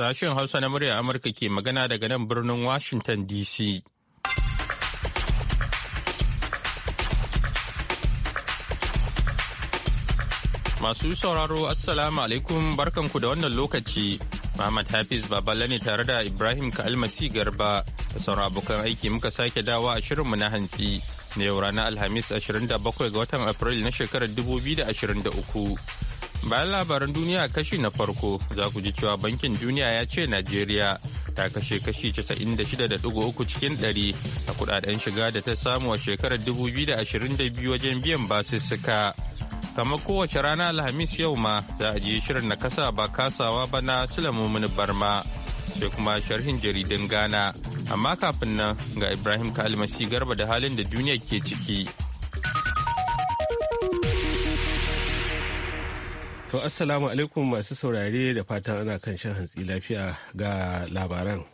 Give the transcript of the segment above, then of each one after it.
Sashen Hausa na murya Amurka ke magana daga nan birnin Washington DC. Masu sauraro Assalamu alaikum barkanku da wannan lokaci. Muhammad Hafiz Baballe ne tare da Ibrahim Kalmasi Garba da sauran abokan aiki muka sake dawa a shirinmu na hantsi na yau ranar Alhamis 27 ga watan april na shekarar 2023. Bayan labaran duniya kashi na farko za ku ji cewa bankin duniya ya ce Najeriya ta kashe kashi 96.3 cikin 100 a kudaden shiga da ta samu a shekarar 2022 wajen biyan basussuka. Kamar kowace rana Alhamis yau ma za a je shirin na kasa ba kasawa ba na Sulaimun Barma sai kuma sharhin jaridun Ghana. Amma kafin nan ga Ibrahim Kalmasi Garba da halin da duniya ke ciki. To assalamu alaikum masu saurare da fatan ana kan shan hantsi lafiya ga labaran.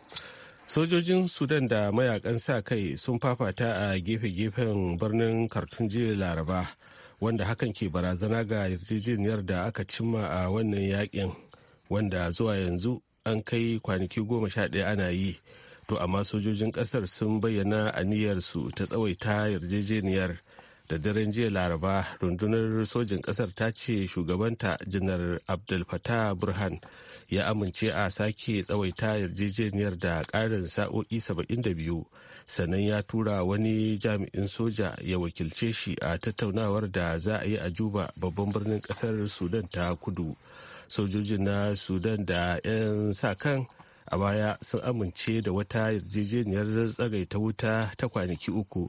Sojojin Sudan da mayakan sa kai sun fafata a gefe-gefen birnin Khartoum jiya Laraba wanda hakan ke barazana ga yarjejeniyar da aka cimma a wannan yakin wanda zuwa yanzu an kai kwanaki goma sha ɗaya ana yi. To amma sojojin ƙasar sun bayyana aniyarsu ta tsawaita yarjejeniyar. da daren jiya laraba rundunar sojin kasar ta ce shugabanta janar abdul fatah burhan ya amince a sake tsawaita yarjejeniyar da karin sa'o'i 72 sannan ya tura wani jami'in soja ya wakilce shi a tattaunawar da za a yi a juba babban birnin kasar sudan ta kudu sojojin na sudan da 'yan sa kan a baya sun amince da wata yarjejeniyar tsagaita wuta ta kwanaki uku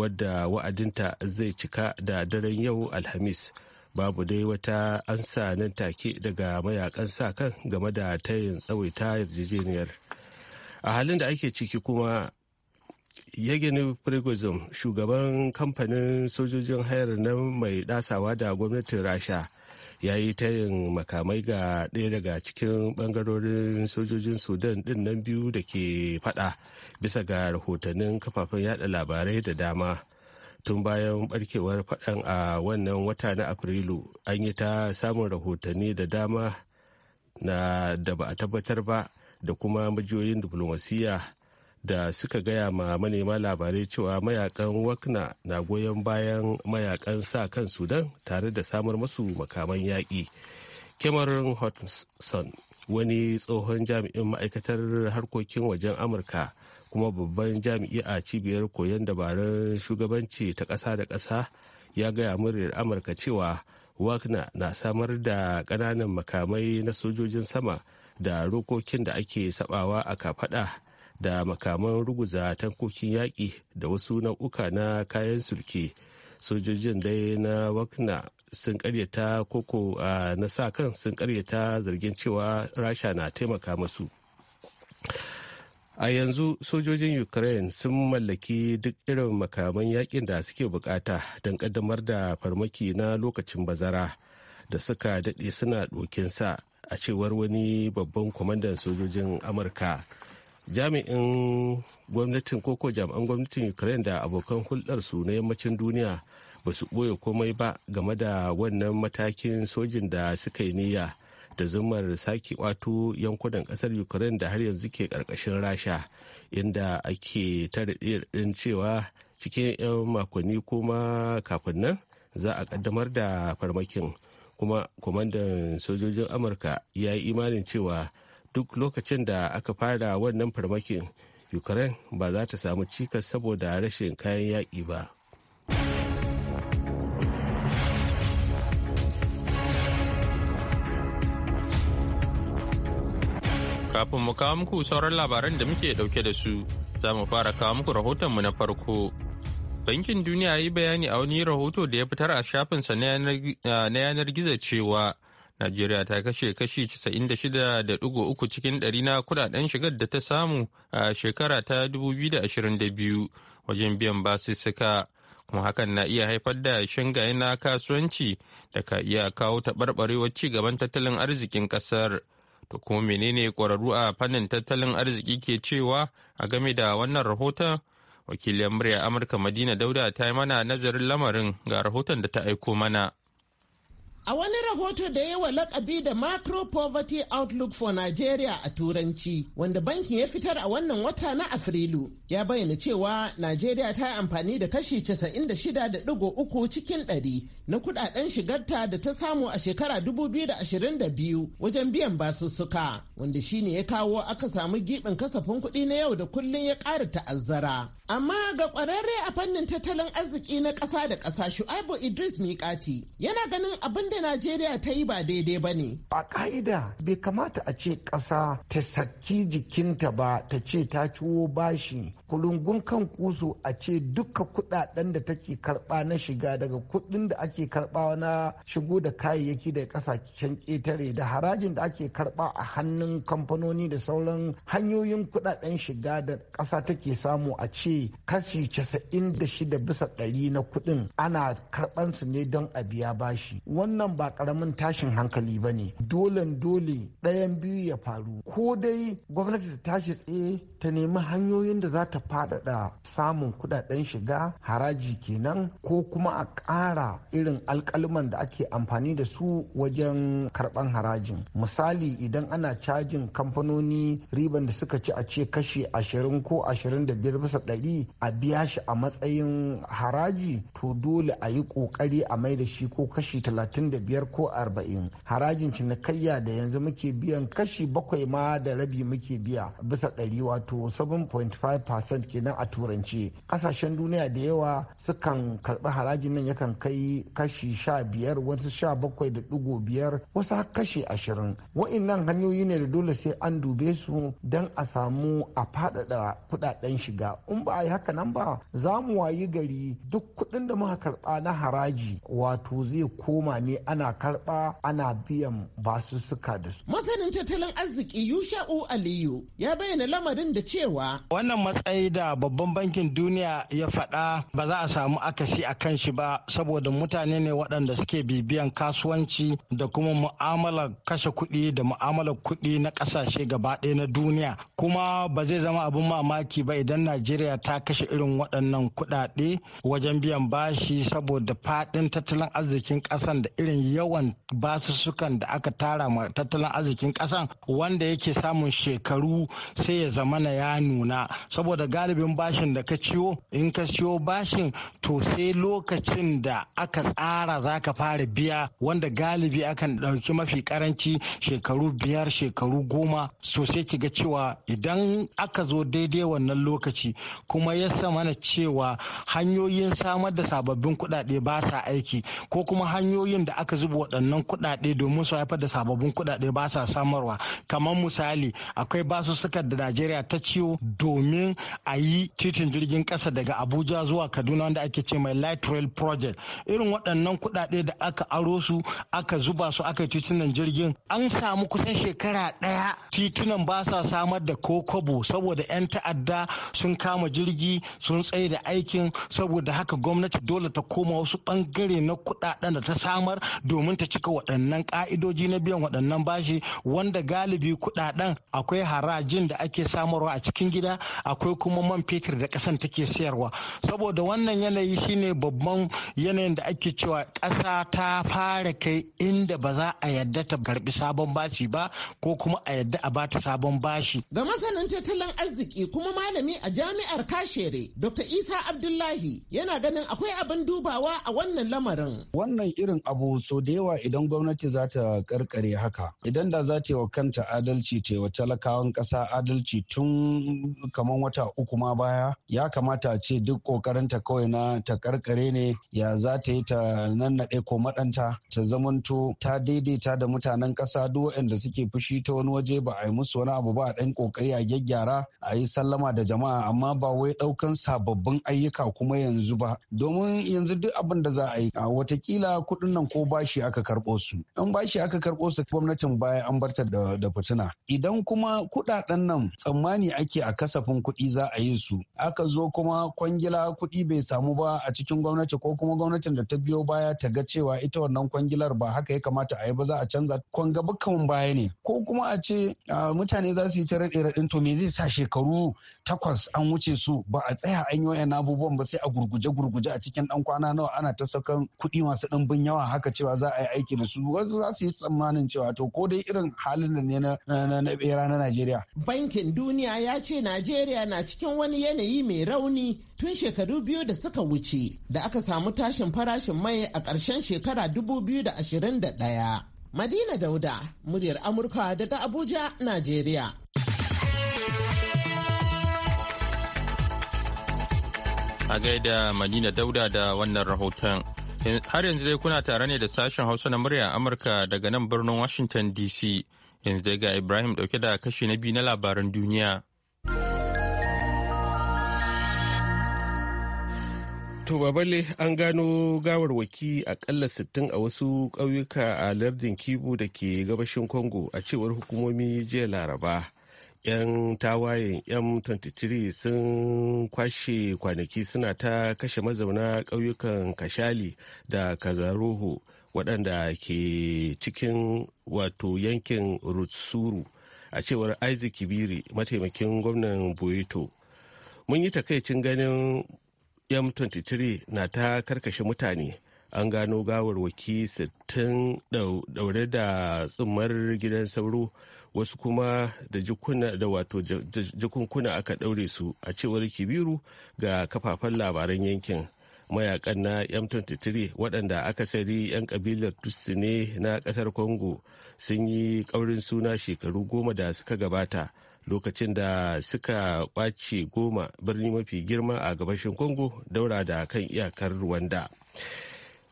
wadda wa'adinta zai cika da daren yau alhamis babu dai wata ansa nan take daga mayakan sa kan game da tayin tsawaita yarjejeniyar a halin da ake ciki kuma yagini prigozm shugaban kamfanin sojojin hayar na mai dasawa da gwamnatin rasha ya yi tayin makamai ga ɗaya daga cikin ɓangarorin sojojin sudan ɗin nan biyu da ke faɗa bisa ga rahotannin kafafen yada labarai da dama tun bayan barkewar faɗan a wannan wata na afrilu an yi ta samun rahotanni da dama na da ba a tabbatar ba da kuma majiyoyin diflomasiyya da suka gaya ma manema labarai cewa mayakan wakna na goyon bayan mayakan sa kan sudan tare da samar masu makaman yaƙi cameron hudson wani tsohon jami'in ma'aikatar harkokin wajen amurka kuma babban jami'i a cibiyar koyon dabarun shugabanci ta ƙasa da ƙasa ya gaya muryar amurka cewa wakna na samar da ƙananan makamai na sojojin sama da rokokin da ake sabawa a kafada da makaman ruguza tankokin yaƙi da wasu nau'uka na kayan sulke sojojin dai na wakna sun karyata koko na sa kan sun karyata zargin cewa rasha na taimaka masu a yanzu sojojin ukraine sun mallaki duk irin makaman yakin da suke bukata don kaddamar da farmaki na lokacin bazara da suka daɗe suna sa a cewar wani babban kwamandan sojojin amurka jami'in gwamnatin koko jami'an gwamnatin ukraine da abokan hulɗar su na yammacin duniya ba su ɓoye komai ba game da wannan matakin sojin da suka yi niyya da zumar sake wato yankunan ƙasar ukraine da har yanzu ke ƙarƙashin rasha inda ake tarihin cewa cikin 'yan makonni kuma kafin nan za a ƙaddamar da farmakin kuma kwamandan sojojin amurka ya yi imanin cewa duk lokacin da aka fara wannan farmakin ukraine ba za ta samu cikas saboda rashin kayan yaƙi ba kafin mu kawo muku sauran labaran da muke dauke da su za mu fara kawo muku rahotonmu na farko bankin duniya ya yi bayani a wani rahoto da ya fitar a shafinsa na yanar eh, gizo cewa Najeriya ta kashe kashi 96.3 cikin ɗari na kudaden shigar da ta samu a shekara ta 2022 wajen biyan basussuka kuma hakan na iya haifar da shingaye na kasuwanci da ka iya kawo taɓarɓarewar ci gaban tattalin arzikin ƙasar. To kuma menene ƙwararru a fannin tattalin arziki ke cewa a game da wannan rahoton? Wakilin murya Amurka Madina Dauda ta yi mana nazarin lamarin ga rahoton da ta aiko mana. A wani rahoto da yawa lakabi da Macro Poverty Outlook for Nigeria a Turanci, wanda bankin ya fitar a wannan wata na Afrilu, ya bayyana cewa Najeriya ta yi amfani da kashi 96.3 cikin 100 na kudaden shigarta da ta samu a shekara 2022 wajen biyan basussuka, wanda shine ya kawo aka samu giɓin kasafin kuɗi na yau da kullum ya ƙara ta'azzara. Amma ga kwararre a fannin tattalin arziki na ƙasa da ƙasa Shu'aibu Idris Mikati yana ganin abin da Najeriya ta yi ba daidai ba ne. A ƙa'ida, bai kamata a ce ƙasa ta saki jikinta ba ta ce ta ciwo bashi kulungun kan kusu a ce duka kudaden da take karba na shiga daga kudin da ake karɓa na shigo da kayayyaki da kasashen ketare da harajin da ake karba a hannun kamfanoni da sauran hanyoyin kudaden shiga da ƙasa take samu a ce kashi casa'in da 96 bisa ɗari na kudin ana karban su ne don a biya bashi wannan ba karamin tashin hankali ba ne dole dole ɗayan biyu ya faru ko dai gwamnati ta tashi tsaye ta nemi hanyoyin da za ta faɗaɗa samun kudaden shiga haraji kenan ko kuma a ƙara irin alƙaluman da ake amfani da su wajen karɓan harajin misali idan ana cajin kamfanoni riban da suka ci a ce kashi ashirin ko ashirin da biyar bisa ɗari a biya shi a matsayin haraji to dole a yi ƙoƙari a mai da shi ko kashi talatin da biyar ko arba'in harajin cinikayya da yanzu muke biyan kashi bakwai ma da rabi muke biya bisa ɗari wato 7.5 100% kenan a turanci kasashen duniya da yawa sukan karbi harajin nan yakan kai kashi sha biyar wasu sha bakwai da biyar wasu har kashi ashirin wa'annan hanyoyi ne da dole sai an dube su don a samu a faɗaɗa kudaden shiga in ba a yi haka nan ba za mu wayi gari duk kuɗin da muka karɓa na haraji wato zai koma ne ana karɓa ana biyan suka da su masanin tattalin arziki yusha'u aliyu ya bayyana lamarin da cewa wannan matsayi komai da babban bankin duniya ya faɗa ba za a samu akasi a kan shi ba saboda mutane ne waɗanda suke bibiyan kasuwanci da kuma mu'amalar kashe kuɗi da mu'amalar kuɗi na ƙasashe gaba ɗaya na duniya kuma ba zai zama abin mamaki ba idan najeriya ta kashe irin waɗannan kuɗaɗe wajen biyan bashi saboda faɗin tattalin arzikin ƙasan da irin yawan basussukan da aka tara ma tattalin arzikin ƙasan wanda yake samun shekaru sai ya zamana ya nuna saboda galibin bashin da ka ciwo in ka ciwo bashin to sai lokacin da aka tsara za ka fara biya wanda galibi akan ɗauki mafi karanci shekaru biyar shekaru goma so sai ki ga cewa idan aka zo daidai wannan lokaci kuma ya mana cewa hanyoyin samar da sababbin kuɗaɗe ba sa aiki ko kuma hanyoyin da aka zuba waɗannan kuɗaɗe domin su haifar da sababbin kuɗaɗe ba sa samarwa kamar misali akwai basussukan da najeriya ta ciwo domin a yi titin jirgin kasa daga abuja zuwa kaduna wanda ake ce mai light rail project irin waɗannan kuɗaɗe da aka aro su aka zuba su aka titunan jirgin an samu kusan shekara ɗaya titunan ba sa samar da kokobo saboda 'yan ta'adda sun kama jirgi sun tsaye da aikin saboda haka gwamnati dole ta koma wasu ɓangare na kuɗaɗen da ta samar domin ta cika waɗannan ƙa'idoji na biyan waɗannan bashi wanda galibi kuɗaɗen akwai harajin da ake samarwa a cikin gida akwai kuma man fetur da kasan take sayarwa saboda wannan yanayi shine babban yanayin da ake cewa kasa ta fara kai inda ba za a yadda ta karbi sabon bashi ba ko kuma a yadda a bata sabon bashi ga masanin tattalin arziki kuma malami a jami'ar kashere dr isa abdullahi yana ganin akwai abin dubawa a wannan lamarin wannan irin abu so da yawa idan gwamnati za ta karkare haka idan da za ta yi wa kanta adalci ta yi wa talakawan kasa adalci tun kamar wata uku ma baya ya kamata ce duk kokarinta kawai na ta karkare ne ya za ta yi ta nannaɗe ko maɗanta ta zamanto ta daidaita da mutanen ƙasa duk waɗanda suke fushi ta wani waje ba a yi musu wani abu ba a ɗan kokari a gyaggyara a yi sallama da jama'a amma ba wai ɗaukan sababbin ayyuka kuma yanzu ba domin yanzu duk abin da za a yi A watakila kuɗin nan ko bashi aka karɓo su in bashi aka karɓo su gwamnatin baya an barta da fitina idan kuma kuɗaɗen nan tsammani ake a kasafin kuɗi za za a yi su aka zo kuma kwangila kuɗi bai samu ba a cikin gwamnati ko kuma gwamnatin da ta biyo baya ta ga cewa ita wannan kwangilar ba haka ya kamata a yi ba za a canza kwanga baya ne ko kuma a ce mutane za su yi ta raɗe to me zai sa shekaru takwas an wuce su ba a tsaya an yi wayan abubuwan ba sai a gurguje-gurguje a cikin ɗan kwana nawa ana ta sakan kuɗi masu ɗimbin yawa haka cewa za a yi aiki da su wasu za su yi tsammanin cewa to ko dai irin halin da ne na bera na Najeriya. Bankin Duniya ya ce Najeriya na cikin wani yanayi mai rauni tun shekaru biyu da suka wuce da aka samu tashin farashin mai a ƙarshen shekara 2021. Madina Dauda, muryar Amurka daga Abuja, Najeriya. A gaida Madina Dauda da wannan rahoton. Har yanzu dai kuna tare ne da sashen Hausa na murya Amurka daga nan birnin Washington DC. Yanzu dai ga Ibrahim dauke da kashi na biyu na labaran duniya. To babale an gano gawar waki akalla 60 a wasu ƙauyuka a lardin kibu da ke gabashin Congo a cewar hukumomi jiya Laraba. 'Yan tawayen M23 sun kwashe kwanaki suna ta kashe mazauna ƙauyukan Kashali da kazaruhu waɗanda ke cikin wato yankin Rutsuru a cewar Isaac Kibiri mataimakin gwamnan Boyeto. Mun yi takaicin ganin m23 na ta karkashe mutane an gano gawarwaki 60 daure da tsumar gidan sauro wasu kuma da jikunkuna aka daure su a cewar kibiru ga kafafen labaran yankin mayakan na m23 waɗanda aka sari 'yan kabilar tutsi ne na ƙasar congo sun yi ƙaurin suna shekaru goma da suka gabata lokacin da suka kwace goma birni mafi girma a gabashin congo daura da kan iyakar rwanda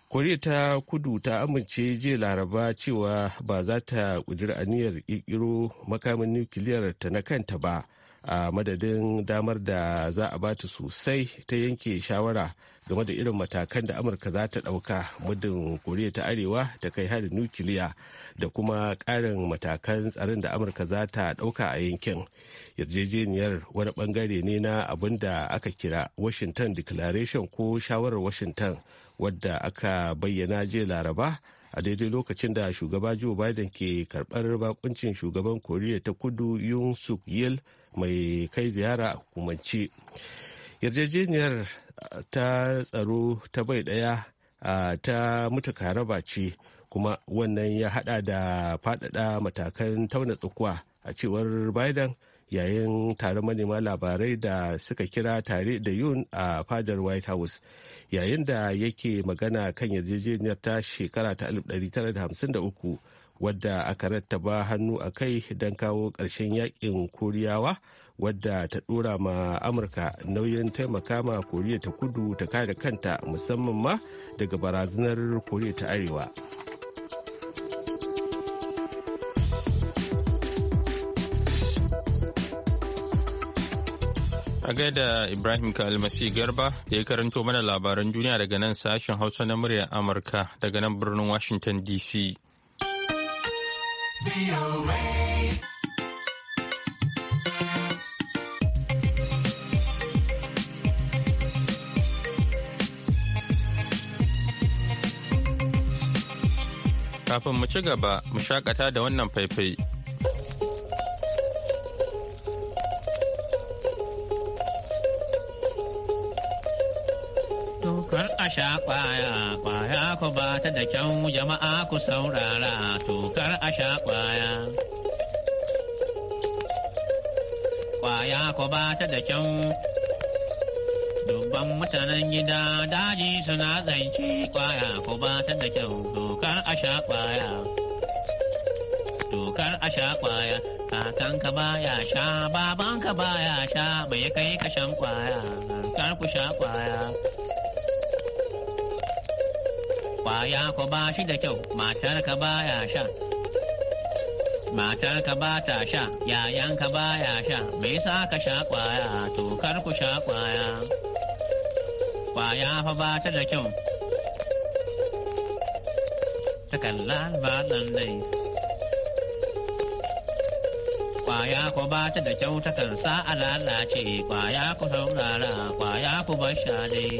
koriya ta kudu ta amince jiya laraba cewa ba za ta kudiri aniyar kirkiro makamin nukiliyar ta na kanta ba a madadin damar da za a bata sosai ta yanke shawara game da irin matakan da amurka za ta ɗauka muddin koriya ta arewa ta kai harin nukiliya da kuma ƙarin matakan tsarin da amurka za ta ɗauka a yankin yarjejeniyar wani bangare ne na abin da aka kira washington declaration ko shawarar washington wadda aka bayyana jiya laraba a daidai lokacin da shugaba joe biden ke karɓar bakuncin shugaban koriya ta kudu yun suk yil mai kai ziyara a hukumance yarjejeniyar ta tsaro ta bai ɗaya ta mutu karaba ce kuma wannan ya hada da faɗaɗa matakan tauna tsukuwa a cewar biden yayin taron manema labarai da suka kira tare da yun a fadar white house yayin da yake magana kan yarjejeniyar ta shekara ta 1953 wadda aka rattaba hannu a kai don kawo ƙarshen yakin koriyawa wadda ta dora ma amurka nauyin taimaka ma koriya ta kudu ta kare kanta musamman ma daga barazanar koriya ta arewa a gaida ibrahim kalmasi garba da ya karanto mana labaran duniya daga nan sashen hausa na muryar amurka daga nan birnin washington dc kafin mu ci gaba mu shakata da wannan faifai. Kar a sha kwaya, kwaya ku ba ta da kyau jama'a ku saurara, tukar a sha kwaya. Kwaya ku ba ta da kyau dubban mutanen gida daji suna zance kwaya ko ba ta da kyau dokar a sha kwaya dokar a sha kwaya kakanka baya sha babanka baya sha bai kai kashan kwaya kar ku sha kwaya kwaya ko ba shi da kyau matarka baya sha matarka ba ta sha yayanka baya sha me yasa ka sha kwaya to kar ku sha kwaya kwaya fa ba ta da kyau. Takan lalba dai. Kwaya ku ba ta da kyau takan sa a lalace, kwaya ku saurara, kwaya ku bar dai.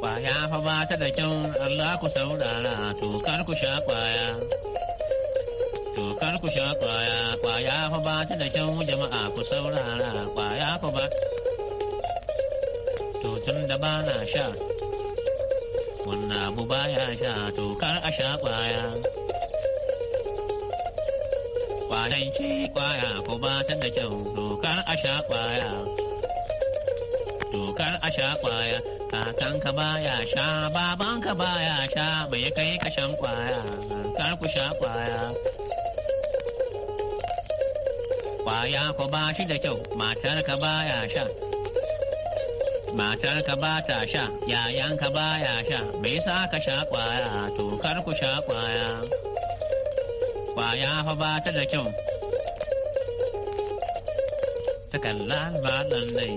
Kwaya fa ba ta da kyau, Allah ku saurara, tokar ku sha kwaya. Tokar ku sha kwaya, kwaya fa ba ta da kyau jama'a ku saurara, kwaya ku ba. to tun da ba na sha wannan abu baya sha to kar a sha kwaya kwayan ci kwaya ko ba ta da kyau to kar a sha kwaya Tokar a sha kwaya kakanka baya sha babanka baya sha bai kai kashan kwaya kar ku sha kwaya kwaya ko ba shi da kyau matarka baya sha matarka ba ta sha yayanka ba ya sha bai sa ka sha kwaya to kar ku sha kwaya kwaya fa ba ta da kyau ta kalla ba nan dai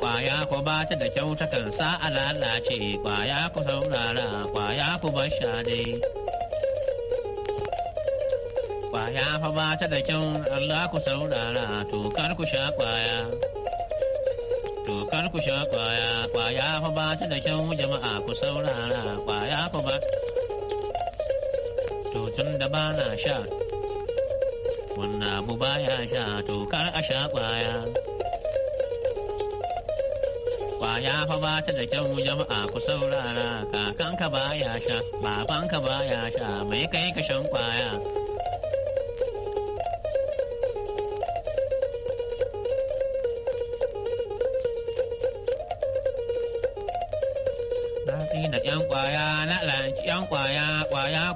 kwaya ku ba ta da kyau ta kan sa a lalace kwaya ku saurara kwaya ku bar sha dai Kwaya fa ba ta da kyau Allah ku saurara tokar ku sha kwaya. Tokar ku sha kwaya, kwaya fa ba ta da kyau jama'a ku saurara kwaya fa ba. To tun da ba na sha, wannan abu ba ya sha tokar a sha kwaya. Kwaya fa ba ta da kyau jama'a ku saurara kakanka ba ya sha, babanka ba ya sha, mai kai ka shan kwaya.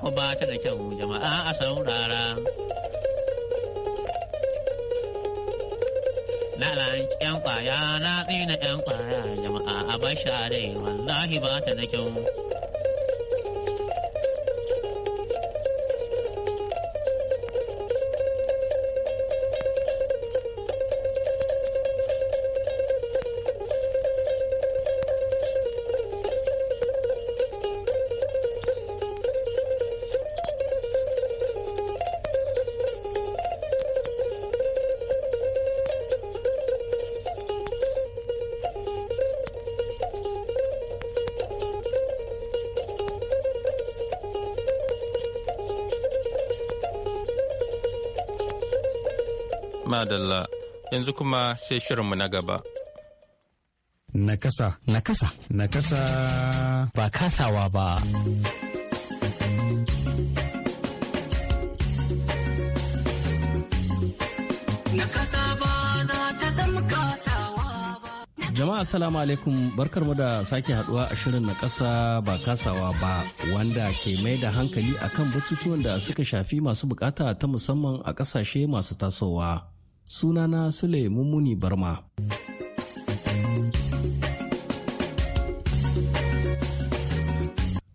ku ba ta da kyau jama'a a saurara. Lalan ƴan kwaya na tsina ƴan kwaya jama'a a bashare wallahi ba ta da kyau. dalla yanzu kuma sai shirinmu na gaba. Nakasa. Nakasa. Nakasa. Ba kasawa ba. Jama'a salamu alaikum barkarmu da sake haduwa a shirin na kasa ba kasawa ba wanda ke mai da hankali akan batutuwan da suka shafi masu bukata ta musamman a kasashe masu tasowa. sunana Sule Mummuni Barma.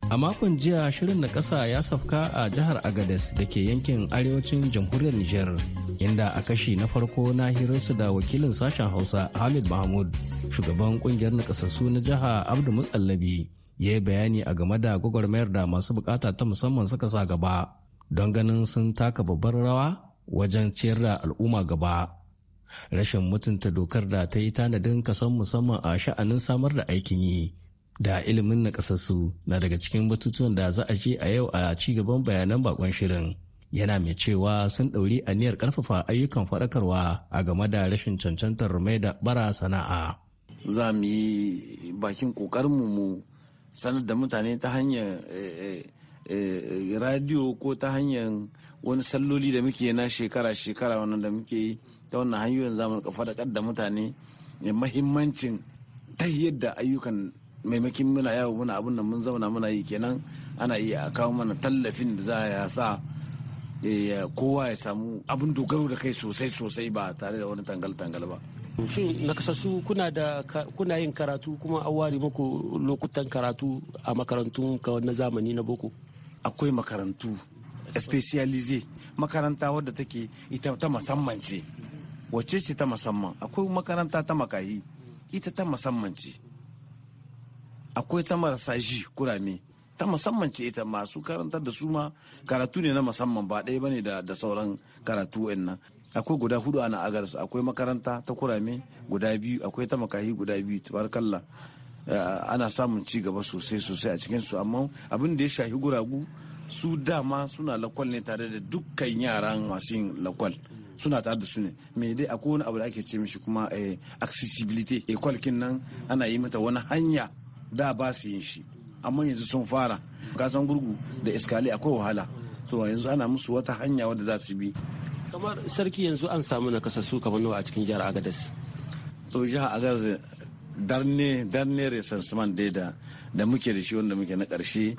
A makon jiya shirin na ƙasa ya safka a jihar Agades da ke yankin arewacin jamhuriyar Nijar, inda a kashi na farko na hirarsu da wakilin sashen Hausa Hamid Mahmud, shugaban ƙungiyar naƙasassu na jiha Abdu Musallabi, ya yi bayani a game da gwagwarmayar da masu bukata ta musamman suka sa gaba don ganin sun taka babbar rawa wajen ciyar da al'umma gaba rashin mutunta dokar da ta yi tanadin kasan musamman a sha'anin samar da aikin yi da ilimin na na daga cikin batutuwan da za a je a yau a ci gaban bayanan bakon shirin yana mai cewa sun ɗauri aniyar ƙarfafa ayyukan faɗakarwa a game da rashin cancantar mai da bara sana'a za mu yi bakin ƙoƙarinmu mu sanar da mutane ta hanyar eh, eh, eh, radio ko ta hanyar wani salloli da muke na shekara-shekara wannan da muke yi ta wannan hanyoyin zamu ka faɗaƙar da mutane mahimmancin ta yadda ayyukan maimakin muna yawo muna abin nan mun zauna muna yi kenan ana iya a kawo mana tallafin da za a sa eh, kowa ya samu abun dogaro da kai sosai sosai ba tare da wani tangal-tangal ba. shin na kuna da kuna yin karatu kuma an ware muku lokutan karatu a makarantun na zamani na boko akwai makarantu specialize makaranta wadda take ita ta musamman ce wacce ce ta musamman akwai makaranta ta makahi ita ta musamman ce akwai ta marasa ji kurame ta musamman ce ita masu karantar da su ma karatu ne na musamman ba ɗaya bane da sauran karatu nan akwai guda hudu a agaris akwai makaranta ta kurame guda biyu akwai ta makahi guda biyu tabarkalla eh, ana samun ci gaba sosai sosai a cikin su amma abin da ya shahi guragu su dama suna lakwal ne tare da dukkan yaran masu yin lakwal suna tare da su ne me dai akwai wani abu da ake ce mishi kuma eh, accessibility equal eh, kin nan ana yi mata wani hanya da ba su yin shi amma yanzu sun fara kasan gurgu da iskali akwai wahala to yanzu ana musu wata hanya wadda za su bi kamar sarki yanzu an samu na su kamar nawa a cikin jihar agadas to jihar agadas darne darne resansiman da da muke da shi wanda muke na karshe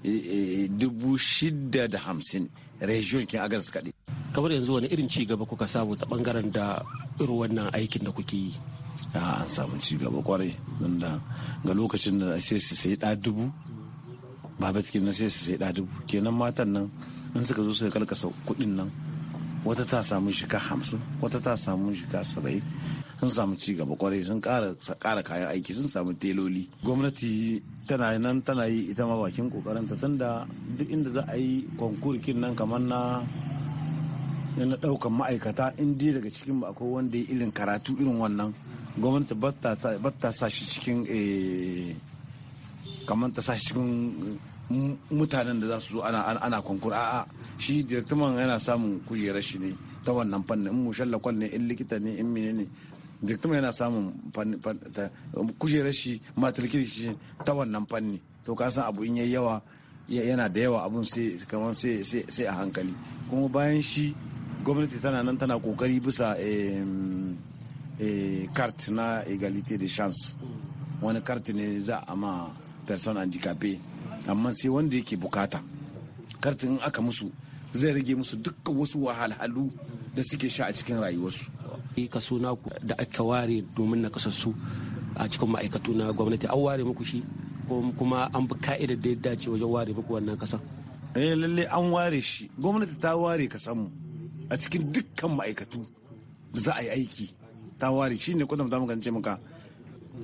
Eh, eh, dubu shida da hamsin region kin agar su kaɗai. kamar yanzu wani irin ci gaba kuka samu ta bangaren da irin wannan aikin da kuke yi ah, an samu ci gaba kwarai wanda ga lokacin da sai su sai da dubu babat kenan sai su sai da dubu kenan matan nan in suka zo suka kalkasa kuɗin nan wata ta samu shiga hamsin wata ta samu shiga saba'in sun samu ci gaba kwarai sun kara kayan aiki sun samu teloli gwamnati tana nan tana yi ita ma bakin kokarinta tunda duk inda za a yi konkurkin nan kamar na na daukan ma'aikata in daga cikin ba akwai wanda ya irin karatu irin wannan gwamnati ba ta sa shi cikin eh, kamar ta sa cikin mm, mutanen da za su zo ana konkur a'a shi direktuman yana samun kujerar shi ne ta wannan fannin in mushallakwal ne in likita ne in mine ne direktuman yana samun kujerar shi matrikir shi ta wannan fanni to ka san abu in yayi yawa yana da yawa abun sai kamar sai a hankali kuma bayan shi gwamnati tana nan tana kokari bisa kart eh, na egalite de chance wani kart ne za a ma person handicapé amma sai wanda yake bukata kartin aka musu zai rage musu dukkan wasu wahalhalu da suke sha a cikin rayuwarsu. kaso naku da aka ware domin na kasassu a cikin ma'aikatu na gwamnati an ware muku shi kuma an bi ka'ida da ya dace wajen ware muku wannan kasan. eh lalle an ware shi gwamnati ta ware kasanmu a cikin dukkan ma'aikatu da za a yi aiki ta ware shi ne kudin zamu gance muka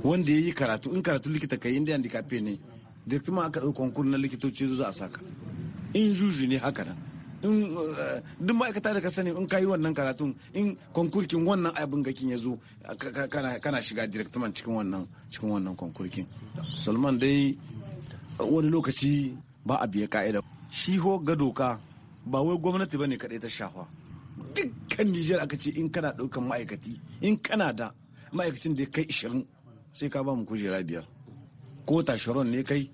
wanda ya yi karatu in karatu likita kai inda yandi kafe ne da ma aka ɗauki konkur na likitoci zuwa a saka in juju ne haka nan Eh, duk ma'aikata da ka sani in ka yi wannan karatun in konkurkin wannan abin gakin ya zo kana shiga direktman cikin wannan cikin wannan konkurkin salman dai wani lokaci ba a biya ka'ida shi ho ga doka ba wai gwamnati bane kadai ta shafa dukkan nijar aka ce in kana daukan ma'aikati in kana da ma'aikacin da ya kai ishirin sai ka ba mu kujera biyar ko tasharon ne kai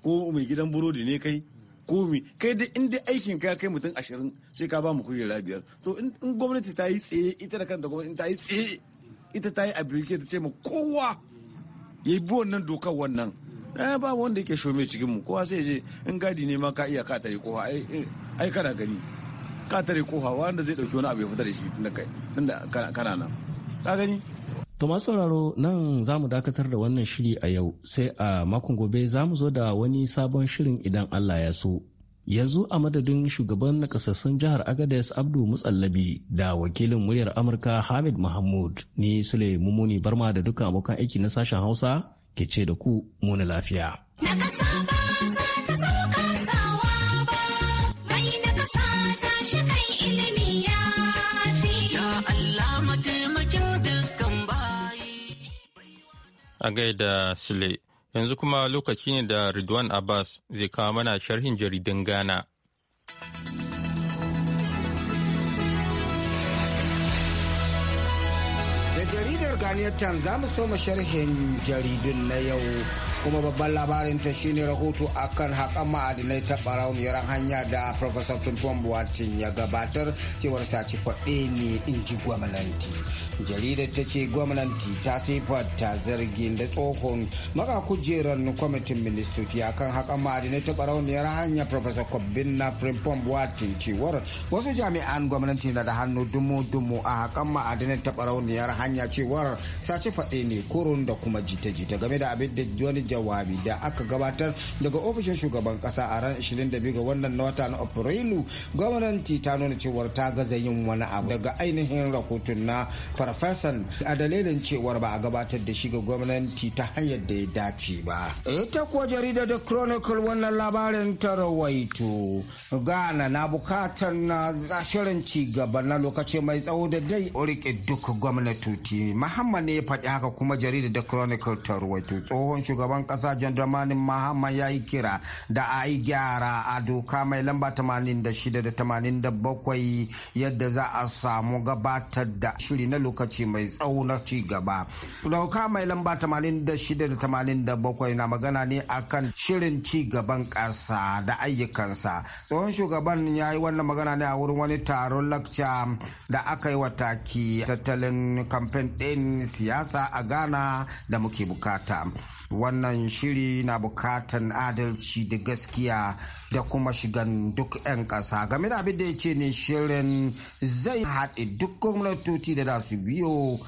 ko mai gidan burodi ne kai komi kai dai inda aikin ka kai mutum ashirin sai ka ba mu kujera biyar to in gwamnati ta yi tsaye ita da kanta gwamnati ta yi tsaye ita ta yi abirke ta ce ma kowa ya bi wannan dokar wannan na eh, ba wanda yake shome cikin mu kowa sai je in gadi ne ma ka iya ka tare kowa ai eh, kana gani ka tare kowa wanda zai dauki wani abu ya fita da shi tun kai tun da kana nan ka gani To masu sauraro nan za mu dakatar da wannan shiri a yau sai a makon gobe za mu zo da wani sabon shirin idan Allah ya so. Yanzu a madadin shugaban nakasassun jihar Agadez Abdu Mutsallabi da wakilin muryar Amurka Hamid Mahmud ni Sule Mumuni Barma da dukkan abokan aiki na sashen Hausa ke ce da ku muna lafiya. A gaida Sule, yanzu kuma lokaci ne da Ridwan Abbas zai kawo mana sharhin jaridan Ghana. Birtaniya Times za mu so sharhin jaridun na yau kuma babban labarin ta shine rahoto akan haƙan ma'adinai ta barauniyar hanya da Professor Tumpon Buwatin ya gabatar cewar saci faɗe ne in ji gwamnati. Jaridar ta ce gwamnati ta sifata zargin da tsohon maka kujerar kwamitin ministoci akan haƙan ma'adinai ta barauniyar hanya Professor na Frimpon Buwatin cewar wasu jami'an gwamnati na da hannu dumu-dumu a haƙan ma'adinai ta barauniyar hanya cewar sace faɗe ne kurun da kuma jita-jita game da abin da wani jawabi da aka gabatar daga ofishin shugaban kasa a ran 22 ga wannan na wata na afrilu gwamnati ta nuna cewar ta gaza yin wani abu daga ainihin rahoton na farfesan a dalilin cewar ba a gabatar da shi ga gwamnati ta hanyar da ya dace ba ita kuwa jaridar da chronicle wannan labarin ta rawaito ghana na bukatar na shirin ci gaba na lokaci mai tsawo da dai rike duk gwamnatoci muhammad Mamma ne ya faɗi haka kuma jarida da Chronicle ta ruwaito tsohon shugaban ƙasa John Dramani Mahama ya yi kira da a yi gyara a doka mai lamba 86 da 87 yadda za a samu gabatar da shiri na lokaci mai tsawo na ci gaba. Doka mai lamba 86 da 87 na magana ne akan shirin ci gaban ƙasa da ayyukansa. Tsohon shugaban ya yi wannan magana ne a wurin wani taron lakca da aka yi wa taki tattalin kamfen ɗin siyasa a ghana da muke bukata wannan shiri na bukatan adalci da gaskiya da kuma shigan duk 'yan kasa game da abin da ya ce ne shirin zai haɗe duk gwamnatoci da za su biyo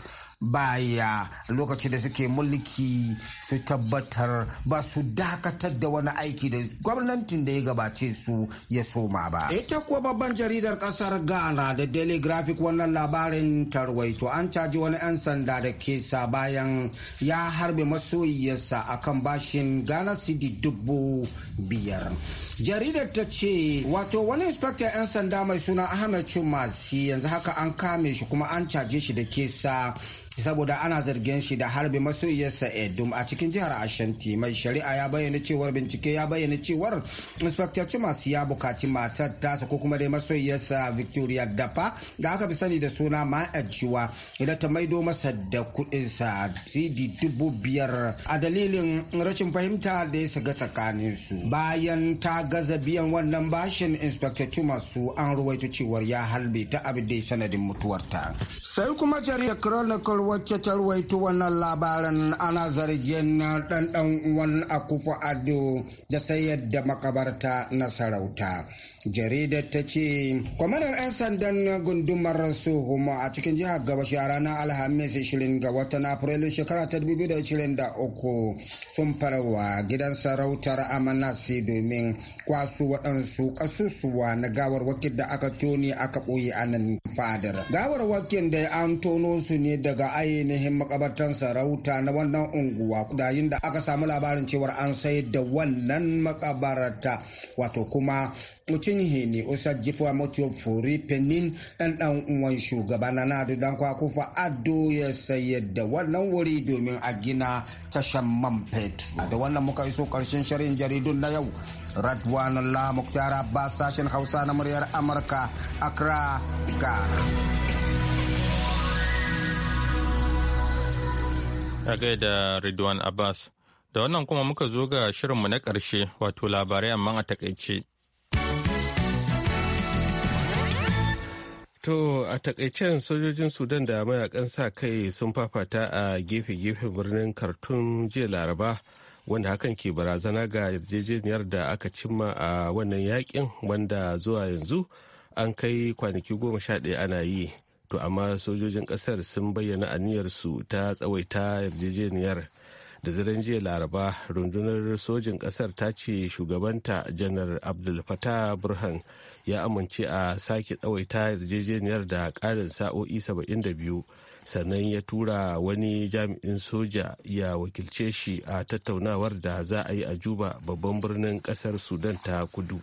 baya lokacin da suke mulki su tabbatar ba su dakatar da wani aiki da gwamnatin da ya gabace su ya soma ba. Ita kuwa babban jaridar kasar Ghana da Daily Graphic wannan labarin tarwaito an caji wani 'yan sanda da kesa bayan ya harbe masoyiyarsa kan bashin Ghana City dubu biyar. Jaridar ta ce wato wani inspector 'yan sanda mai suna Ahmed Chumasi yanzu haka an kame shi kuma an caje shi da kesa saboda ana zargin shi da harbi masoyiyarsa edum a cikin jihar ashanti mai shari'a ya bayyana cewar bincike ya bayyana cewar inspector chimas ya bukaci matar tasa ko kuma dai masoyiyarsa victoria dafa da aka fi sani da suna ma'ajiwa idan ta maido masa da sa cd dubu biyar a dalilin rashin fahimta da ya tsakanin su. bayan ta gaza biyan wannan bashin inspector chimas su an ruwaito cewar ya halbe ta abin da sanadin mutuwarta sai kuma na chronicle wacce ta ruwaito wannan labaran ana zargin na ɗanɗan wani akufu ado da sayar da makabarta na sarauta jaridar ta ce kwamanar 'yan sandan gundumar sohoma a cikin jihar gabashi a ranar alhamis 20 ga watan afrilu shekara ta 2023 sun farawa gidan sarautar amanasi domin kwaso waɗansu ƙasusuwa na gawar wakil da aka tone aka ɓoye a nan fadar wakil da an tono su ne daga ainihin makabartan sarauta na wannan unguwa da da aka samu labarin cewar an sayar da wannan makabarta wato kuma mutum ne usa jifuwa mutuwa fori penin ɗan ɗan uwan shugaba na nadu dan kwakufa ado ya sayar da wannan wuri domin a gina tashan man fetur da wannan muka iso karshen shirin jaridun na yau radwan allah muktar abbas sashen hausa na muryar amurka accra ghana a gaida Ridwan Abbas. Da wannan kuma muka zo ga shirinmu na ƙarshe wato labarai amma a takaice. To a takaicen sojojin Sudan da mayakan sa kai sun fafata a gefe-gefe birnin kartun jiya Laraba wanda hakan ke barazana ga yarjejeniyar da aka cimma a wannan yakin wanda zuwa yanzu an kai kwanaki goma sha ɗaya ana yi. To amma sojojin ƙasar sun bayyana aniyarsu ta tsawaita yarjejeniyar. da daren jiya laraba rundunar sojin kasar ta ce shugabanta janar abdul fatah burhan ya amince a sake tsawaita yarjejeniyar da karin sa'o'i 72 sannan ya tura wani jami'in soja ya wakilce shi a tattaunawar da za a yi a juba babban birnin kasar sudan ta kudu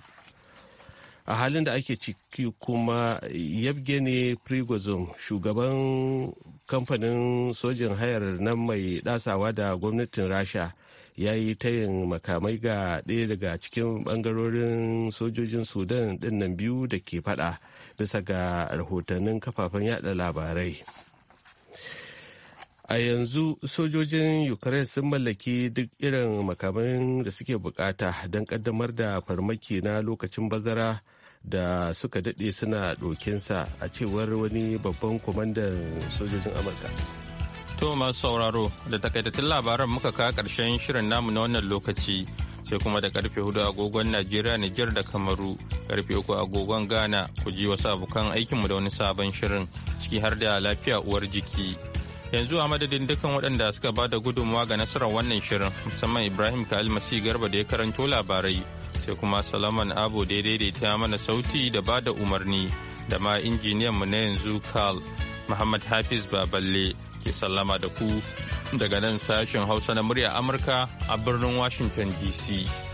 a halin da ake ciki kuma yabgene prigozom shugaban kamfanin sojin hayar nan mai dasawa da gwamnatin rasha ya yi tayin makamai ga ɗaya daga cikin ɓangarorin sojojin sudan ɗinnan biyu da ke faɗa bisa ga rahotannin kafafen yada labarai a yanzu sojojin ukraine sun mallaki duk irin makamai da suke bukata don ƙaddamar da farmaki na lokacin bazara da suka daɗe suna ɗokinsa a cewar wani babban kwamandan sojojin amurka to masu sauraro da takaitattun labaran muka kawo ƙarshen shirin namu na wannan lokaci sai kuma da karfe hudu agogon najeriya nijar da kamaru karfe uku agogon ghana ku ji wasu abokan aikinmu da wani sabon shirin ciki har da lafiya uwar jiki yanzu a madadin dukkan waɗanda suka ba da gudunmawa ga nasarar wannan shirin musamman ibrahim kalmasi garba da ya karanto labarai sai kuma Salaman Abu da daidaita mana sauti da ba da umarni da ma injiniyan mu na yanzu Carl Muhammad Hafiz Baballe ke sallama da ku daga nan sashen Hausa na murya Amurka a birnin Washington DC.